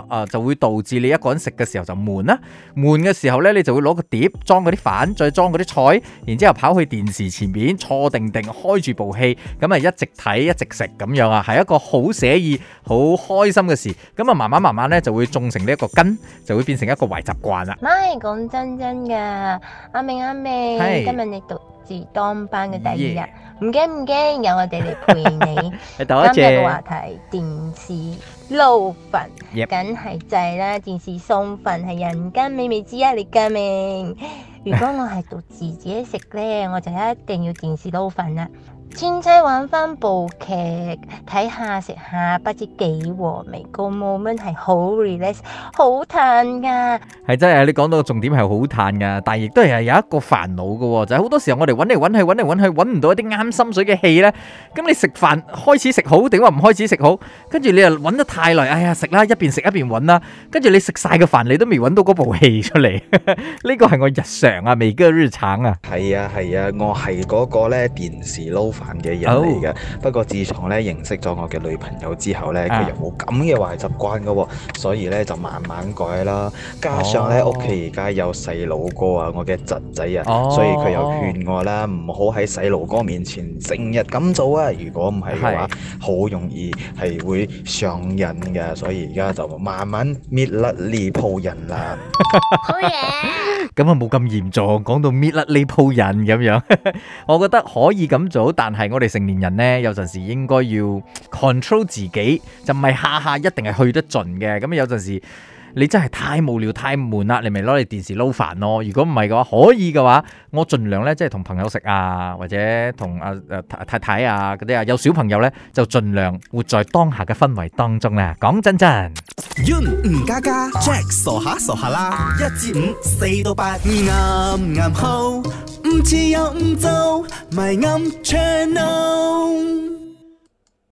誒、啊，就會導致你一個人食嘅時候就悶啦，悶嘅時候呢，你就會攞個碟裝嗰啲飯，再裝嗰啲菜，然之後跑去電視前面坐定定，開住部戲，咁啊一直睇，一直食咁樣啊，係一個好寫意、好開心嘅事。咁啊，慢慢慢慢呢，就會種成呢一個根，就會變成一個壞習慣啦。唔係，講真真嘅，阿、啊、明阿、啊、明，是今日你獨自當班嘅第二日。Yeah. 唔驚唔驚，有我哋嚟陪你。 謝謝。今日嘅話題，電視撈粉，梗係 Yep. 制啦！電視送粉係人間美味之一，你家明。如果我係獨自自己食呢， 我就一定要電視撈粉啦。千妻玩翻部劇，睇下食下，不知幾和味個 moment 係好 relax，好嘆噶。係真係你講到個重點係好嘆噶，但係亦都係有一個煩惱嘅，就係、是、好多時候我哋揾嚟揾去，揾嚟揾去，揾唔到一啲啱心水嘅戲呢。咁你食飯開始食好，定話唔開始食好，跟住你又揾得太耐。哎呀，食啦，一邊食一邊揾啦。跟住你食晒個飯，你都未揾到嗰部戲出嚟。呢個係我日常啊，未哥日常啊。係啊係啊，我係嗰個呢電視撈嘅人嚟嘅，不過自從咧認識咗我嘅女朋友之後咧，佢又冇咁嘅壞習慣㗎喎，所以咧就慢慢改啦。加上咧屋企而家有細佬哥啊，我嘅侄仔啊，所以佢又勸我啦，唔好喺細路哥面前成日咁做啊。如果唔係嘅話，好容易係會上癮嘅，所以而家就慢慢慢慢搣甩呢鋪人啦。好嘢！咁啊冇咁嚴重，講到搣甩呢鋪人咁樣， 我覺得可以咁做，但係我哋成年人呢，有陣時應該要 control 自己，就唔係下下一定係去得盡嘅，咁有陣時。你真係太無聊太悶啦，你咪攞你電視撈飯咯。如果唔係嘅話，可以嘅話，我儘量呢，即係同朋友食啊，或者同阿、啊、太太啊啲啊，有小朋友呢，就儘量活在當下嘅氛圍當中咧、啊嗯。講真真，吳家家，Jack 傻下傻下啦，一至五,五，四到八，啱啱好，唔知又唔做，咪啱 channel。